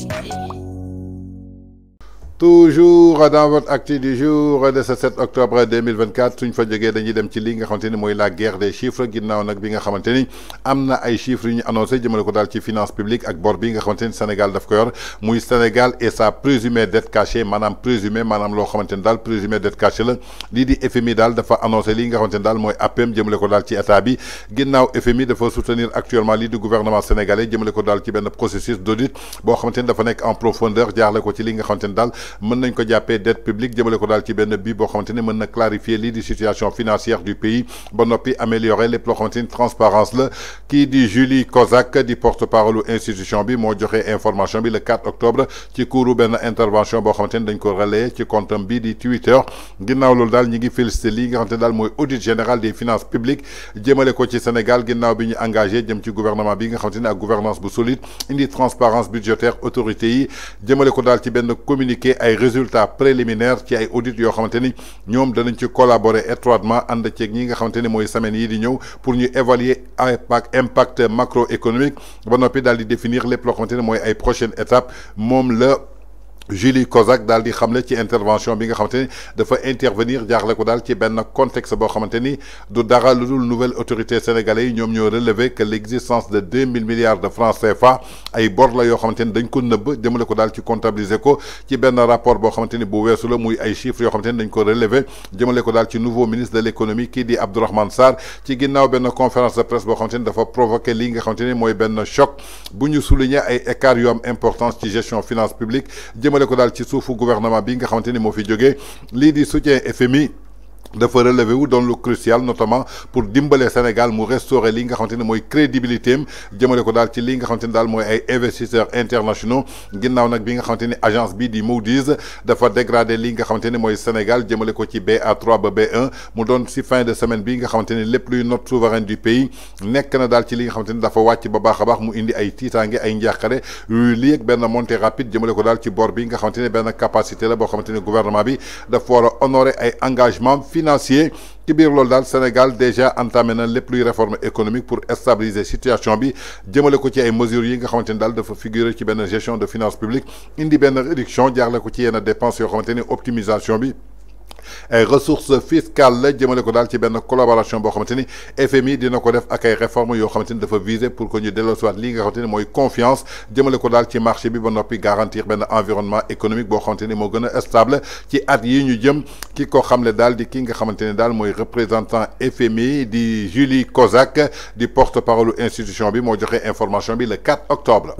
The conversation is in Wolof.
Thank you. toujours dans votre acte du jour de ce 7 octobre 2024 suñ fa jógee dañuy dem ci li nga xamante la guerre des chiffres ginnaw nak bi nga xamante amna ay chiffres ñu annoncé jëmale ko dal ci finances publiques ak bor bi nga xamante Sénégal daf ko yor muy Sénégal et sa présumée dette cachée manam présumée, manam lo xamante dal présumée dette cachée la li di FMI dal dafa annoncé li nga xamante dal moy APM jëmale ko dal ci état bi ginnaw FMI dafa soutenir actuellement li du gouvernement sénégalais jëmale ko dal ci ben processus d'audit bo boo dafa nek en profondeur jaarale ko ci li nga xamante dal mën nañ ko jappé dette publique jëmele ko dal ci benn bi bo xamante mën na clarifier li di situation financière du pays ba nopi améliorer les loo transparence le qui di Julie Kozak di porte-parole institution bi mo joxé information bi le 4 octobre ci kuuru benn intervention bo xamante dañ ko relayer ci comptam bi di Twitter ginnaw loolu dal ñi ngi féliciter li nga xamante dal moy audit général des finances publiques jëmele ko ci Sénégal ginnaw bi ñu engagé jëm ci gouvernement bi nga xamante ak gouvernance bu solide indi transparence budgétaire autorité yi jëmale ko dal ci benn communiqué ay résultats préliminaires ci ay audits yo xamanteni ñom ñoom ci collaborer étroitement en ci ñi nga xamanteni moy semaine yi di pour ñu évaluer impact impact macroéconomique ba noppi daal di définir les plans xamante ni ay prochaines étapes mom le Julie Kozak dal di xamle ci intervention bi nga xamanteni dafa intervenir jaarale ko dal ci ben contexte bo xamanteni du dara lu nouvelle autorité sénégalais ñom ñoo relevé que l'existence de 2000 milliards de francs CFA ay bor la yoo xamante dañ ko nëbb jëmale ko dal ci comptabiliser ko ci ben rapport bo xamanteni bu weesu la muy ay chiffres yo xamanteni dañ ko relevé le ko dal ci nouveau ministre de l'économie qui kii di Abdourahmane Sarr ci ginnaw ben conférence de presse bo xamanteni dafa provoquer li nga xamanteni moy ben choc bu ñu souligner ay écart yu am importance ci gestion finance publique jëmale ko daal ci soufu gouvernement bi nga xamanteni mo fi jógee li di soutien FMI dafa relever wu dans le crucial notamment pour dimbale Sénégal mu restaurer li nga xamante ne crédibilité am ko dal ci li nga xamante ne daal ay investisseurs internationaux ginnaw nak bi nga xamante agence bi di Moody's dafa dégrader li nga xamante ne Sénégal jëmale ko ci BA3 ba B1 mu donne ci fin de semaine bi nga xamante lepp luy note souverain du pays nek na dal ci li nga xamante ne dafa wacc ba baax a baax mu indi ay tiitaange ay njàqare li ak ben montée rapide jëmale ko dal ci bor bi nga xamante ben capacité la bo xamante gouvernement bi dafa war honorer ay engagements financier ci lol dal Sénégal déjà entamé na plus réformes réforme économique pour stabiliser situation bi jëmale ko ci ay mesures yi nga figurer ci ben gestion de finances publiques indi ben réduction jaarle ko ci dépenses et une optimisation bi ay ressources fiscales la le ko dal ci ben collaboration bo xamanteni FMI dina ko def ak ay réformes yo xamanteni dafa viser pour que ñu delloosiwaat li nga xamanteni moy confiance jëmale ko dal ci marché bi ba noppi garantir ben environnement économique bo xamanteni mo gëna stable ci at yi ñu jëm ki ko xamle dal di ki nga xamanteni dal moy représentant FMI di Julie Kozak di porte-parole institution bi mo joxe information bi le 4 octobre.